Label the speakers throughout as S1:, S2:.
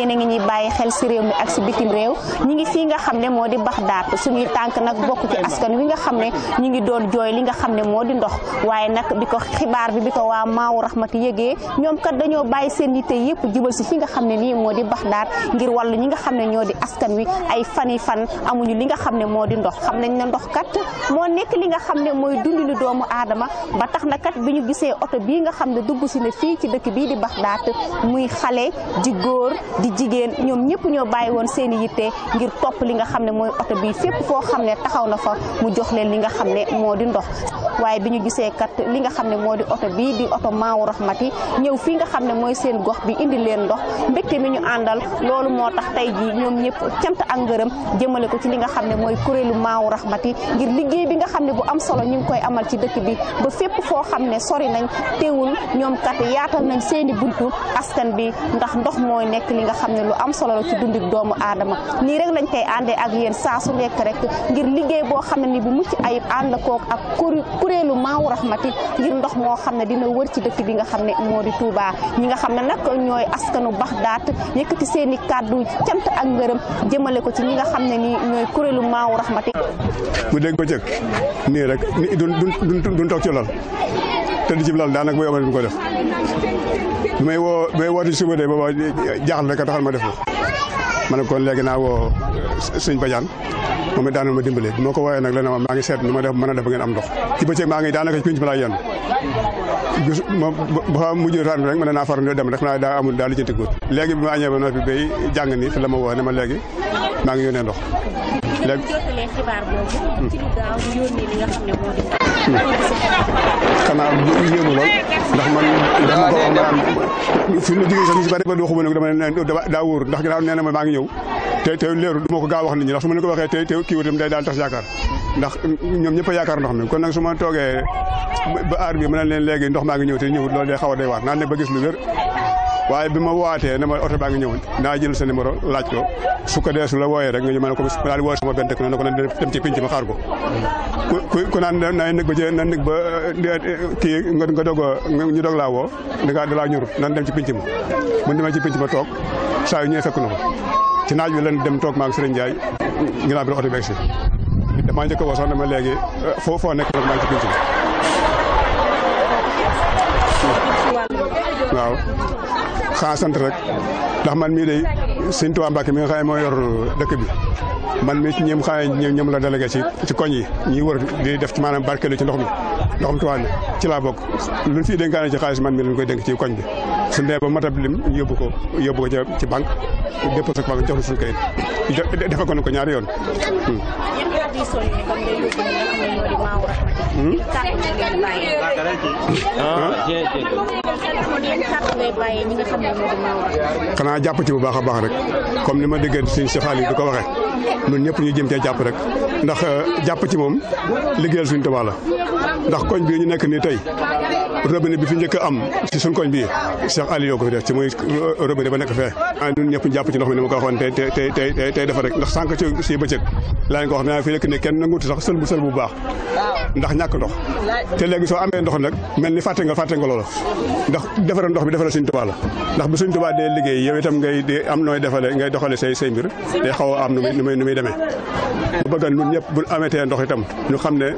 S1: yéen a ngi ñuy bàyyi xel si réew mi ak si bitim réew ñi ngi fii nga xam ne moo di Baxdaat suñuy tànk nag bokk ci askan wi nga xam ne ñi ngi doon jooy li nga xam ne moo di ndox waaye nag bi ko xibaar bi bi ko waa Maawu Rahmati yëgee ñoom kat dañoo bàyyi seen yitte yëpp jubal si fi nga xam ne nii moo di Baxdaat ngir wàllu ñi nga xam ne ñoo di askan wi ay fani fan amuñu li nga xam ne moo di ndox xam nañ ne ndox kat moo nekk li nga xam ne mooy dundinu doomu aadama ba tax na kat bi ñu gisee oto bii nga xam ne dugg si ne fii ci dëkk bii di Baxdaat muy xale di góor di jigéen ñoom ñëpp ñoo bàyyi woon seen i yitte ngir topp li nga xam ne mooy oto bi fépp foo xam ne taxaw na fa mu jox leen li nga xam ne moo di ndox waye biñu gisé kat li nga xamné modi auto di bi di auto maawu rahmati ñew fi nga xamné moy seen gox bi indi leen dox mbégte mi ñu andal loolu moo tax tey jii ñoom ñëpp cant ak ngeureum jëmele ko ci li nga xamné moy kurelu kuréelu rahmati ngir liggéey bi nga xamné bu am solo ñing koy amal ci dëkk bi ba fepp fo xamné sori nañ téwul ñom kat yaatal nañ seeni buntu askan bi ndax ndox moy nekk li nga xamné lu am solo ci dundik doomu adama ni rek lañ tay andé ak yeen saa su nekk rek ngir liggéey bo xamné ni bu mucc ayib and la ak kuréelu maawu rahmati ngir ndox moo xam ne dina wër ci dëkk bi nga xam ne moo di Touba ñi nga xam ne nag ñooy askanu Baxdaat yëkkati seen i kàddu cant ak ngërëm jëmale ko ci ñi nga xam ne nii ñooy kuréelu maawu rahmati.
S2: bu dégg ba jëkk nii rek nii duñ duñ duñ toog ci lool tëdd ci lool daanaka bu yombal duñ ko def bi may woo bi may woote suba de booba jaaxal rek a taxal ma def ko ma ne kon léegi naa woo sëñ Badiane. moom it daana ma dimbale bi ma ko woowee nag la ne ma maa ngi seet nu ma def mën a def ba ngeen am ndox ci bëccëg maa ngi daanaka ci pinc ma laa yenn ma ba mujj raadu rek mën na naa faru dem rek naa daa amul daa lijjanti góor léegi bi ma añee ba noppi bay jàng ni fi la ma woo ne ma léegi maa ngi yónnee ndox léegi
S1: jotalee xibaar boobu. Hmm. ci lu gaaw yónnee li nga xam ne moo di. Hmm.
S2: xanaa yéemu lool ndax man dama ko wax maanaam fi mu jógee sax bari ba waxuma ne dama ne daa wóor ndax ginnaaw nee na ma maa ñëw te te leeru du ma ko gaaw wax nit ñi ndax su ma leen ko waxee te te kii wutam day daal tax yaakaar ndax ñoom ñëpp yakaar yaakaar ndox mi kon nag su ma toogee ba aar bi ma leen léegi ndox maa ngi ñëw te ñëw loolu day de a day waar naan ne ba gis lu wér waye bima waté waatee auto ba nga ñëw naa jël sa numéro laaj ko su ko dee la wooyee rek nga ñu mëna ko daal di woo sama bënd ko na na dem ci pinc ma xaar ko ku ku naan na nekk ba jë na nekk ba eh, ki nga nga dogo ñu dog la wo da nga dala ñur nan dem ci pinc ma mu dem ci pinc ma tok sa yu ñëwee fekk na ko ci naaj bi lañ dem tok ma ak Serigne jaay ginnaaw la bi auto damaa njëkk a woo sax ne ma léegi eh, foo foo nekk nag maa ci pinc ma waaw xaa sant rek ndax man mii day Sëñ Tuubaa Mbàkke mi nga xam ne moo yor dëkk bi man mii ci ñim xam ne ñoom la délégué ci ci koñ yi ñuy wër di def ci maanaam barkeelu ci ndox mi ndox Tuubaa mi ci laa bokk luñ fii dénkaane ci xaalis man mii lañ koy dénk ci koñ bi su demee ba matab lim yóbbu ko yóbbu ko ci banque déposé ko banque jox la suñu kayit defe ko na ko ñaari yoon hmm. ah, ah. xanaa jàpp ci bu baax a baax rek comme ni ma déggee suñ si yi du ko waxee ñun ñëpp ñu jëm cee jàpp rek ndax euh, jàpp ci moom liggéeyal suñ Tuubaa ndax koñ bi ñu nekk nii tey robinet bi fi njëkk a am ci suñ koñ bi Cheikh Aliou ko fi def ci muy robinet ba nekk fee ah ñun ñëpp jàpp ci ndox mi ne ma ko waxoon tey tey tey tey tey defar rek ndax sànq ci si bëccëg laa ko wax naa fi rek ne kenn nangutu sax sël bu sël bu baax ndax ñàkk ndox te léegi soo amee ndox nag mel ni fàtte nga fàtte nga loola ndax defara ndox bi defara Sëñ Tuubaa la ndax bu Sëñ Tuubaa dee liggéey yow itam ngay di am nooy defale ngay doxale say say mbir day xaw a am nu muy nu muy demee bu bëggan ñun ñëpp bu ametee ndox itam ñu xam ne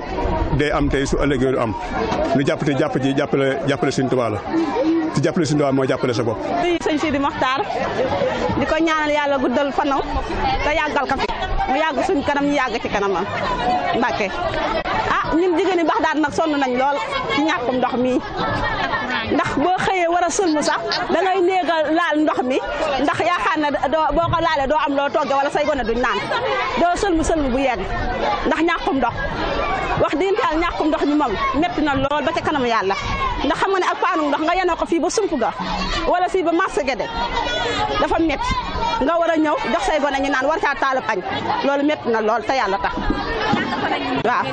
S2: day am tey su ëllëgee du am ñu jàpp te jàpp ci jàppale jàppale Sëñ Tuubaa la ci jàppale Sëñ Tuubaa moo jàppale sa bopp.
S3: sëñ Sidi Moxtaar di ko ñaanal yàlla guddal fanam te yàggal ko mu yàgg suñ kanam ñu yàgg ci kanamam Mbàkke ah ñun jigéen ñi baax nag sonn nañ lool ci ñàkkum ndox mi. ndax boo xëyee war a sëlmu sax da ngay a laal ndox mi ndax yaakaar boo ko laalee doo am loo togge wala say gone duñ naan doo sëlmu sëlmu bu yegg ndax ñàkkum ndox wax dëgg ñak ko ndox ñu moom nepp na lool ba ca kanam yàlla ndax xam nga ne ak paanu ndox nga yanoko fi fii ba sump ga wala si ba marché gede dafa métti nga war a ñëw jox say gone ñu naan war caa taalub añ loolu metti na lool te yàlla tax waaw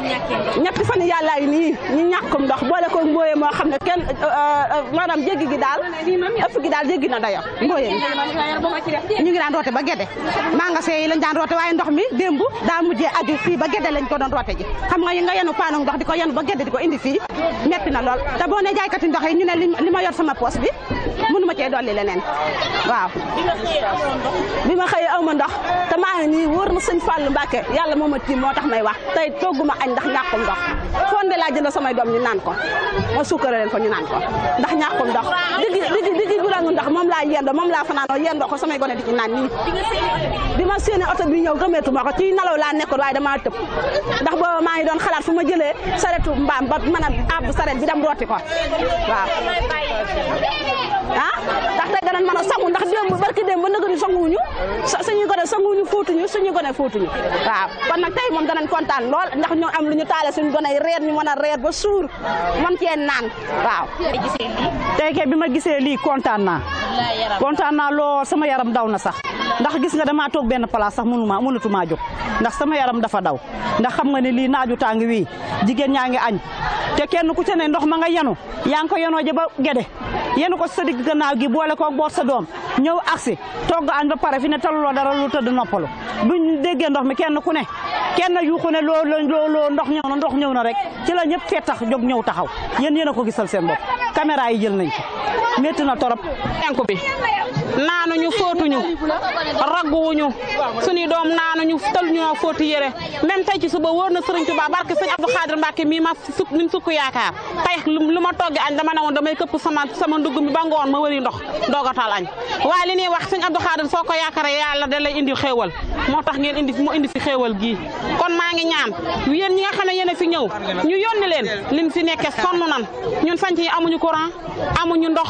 S3: ñetti fan yàlla yi nii ñu ñàkkum ndox boole ko mbooye moo xam ne kenn euh, euh, maanaam jéggi gi daal a gi daal jéggi na dayo mbooye ñu ngi daan roote ba gede magasin yi lañ daan roote waaye ndox mi démb daa mujjee aju fii ba gede lañ ko doon roote ji xam nga yi nga yenu paanu ndox di ko yenu ba gede di ko indi fii metti na lool te boo ne jaaykati ndox yi ñu ne li ma yor sama poos bi mënuma cee dolli leneen waaw bi ma xëyee aw ma ndox te maa ngi nii wóor na sëñ Fallou Mbacke yàlla moo ma tiim moo tax may wax tey togguma añ ndax ñàkkum ndox fonde laa jënd samay dom ñu naan ko ma sukkara leen ko ñu naan ko ndax ñàkkum ndox diggi diggi diggi gurangu ndox moom laa yendoo moom laa fanaanoo yendoo ko samay gone di ci naan nii bi ma séenee oto bi ñëw gëmeetuma ko ci nalaw laa nekkoon waaye dama tëb ndax booba maa ngi doon xalaat fu ma jëlee saretu mbaam ba mën a àbb saret bi dem rooti ko waaw ah tax tay ganan mëna sangu ndax dem barki dem ba nagëni sangu ñu suñu gëna sangu ñu footu ñu suñu gëna footu ñu waaw kon nak tay mom danan contane lool ndax ñoo am luñu taalé suñu gëna reer ñu mëna reer ba suur mën ci naan waaw tay ke bima gisé li contane na contane na lool sama yaram daw na sax ndax gis nga dama tok ben place sax mënuma mënatuma jog ndax sama yaram dafa daw ndax xam nga ni li naaju tang wi jigen ñangi agn te kenn ku ci ne ndox ma nga yanu yang ko yano je ba gede yéen ko sa digg naaw gi boole koog boot sa doom ñëw agsi togg añ ba pare fi ne taluloo dara lu tëdd noppalu buñ déggee ndox mi kenn ku ne kenn yuuxu ne loo loo loo ndox ñëw na ndox ñëw na rek ci la ñëpp fee tax jóg ñëw taxaw yéen yéen a ko gisal seen bopp caméra yi jël nañ ko métti na torop ko bi naanuñu fóotuñu ragguwuñu suñuy doom naanuñu tëluñoo fóotu yére même tey ci suba wóor na sëriñ Tuubaa barke sëñ Abdou Xaadir Mbàkke mii ma sukk ni mu sukk yaakaar tey lu ma toggi añ dama ne woon damay këpp sama sama ndugg mi ba ngoon ma wëri ndox doogatal añ waaye li ñuy wax sëñ Abdou Xaadir soo ko yaakaaree la da lay indi xéewal moo tax ngeen indi mu indi fi xéewal gi kon maa ngi ñaan yéen ñi nga xam ne fi ñëw ñu yónni leen liñ fi nekke sonn nan ñun sanc yi amuñu courant amuñu ndox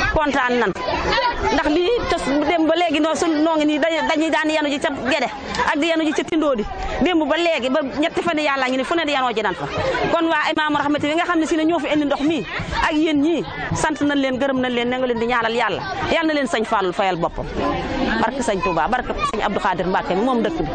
S3: kontaan nan ndax lii tes dem ba léegi noo sun noo ngi nii dañuy daan yanu ji ca gede ak di yanu ji ca tindoodi démb ba léegi ba ñetti fan yàlla ngi ni fu di yanoo ji nan fa kon waa imaamu rahmati bi nga xam ne si ne ñoo fi indi ndox mi ak yen ñii sant nañ leen gërëm nañ leen na leen di ñaanal yàlla yàlla na leen sañ fàllul fayal boppam barke sëñ Touba barke sëñ Abdou Khadir Mbacke mi moom dëkk bi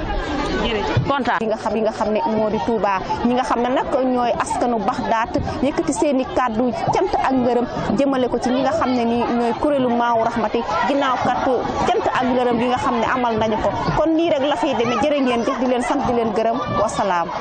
S1: kontaan yi nga xam yi nga xam ne moo di Touba ñi nga xam ne nag ñooy askanu Baxdaat yëkkati seen i kàddu jant ak ngërëm jëmale ko ci ñi nga xam ne nii ñooy kuréelu Maawu Rahmati ginnaaw kat cant ak ngërëm yi nga xam ne amal nañu ko kon nii rek la fay demee jërë ngeen jëf di leen sant di leen gërëm wasalaam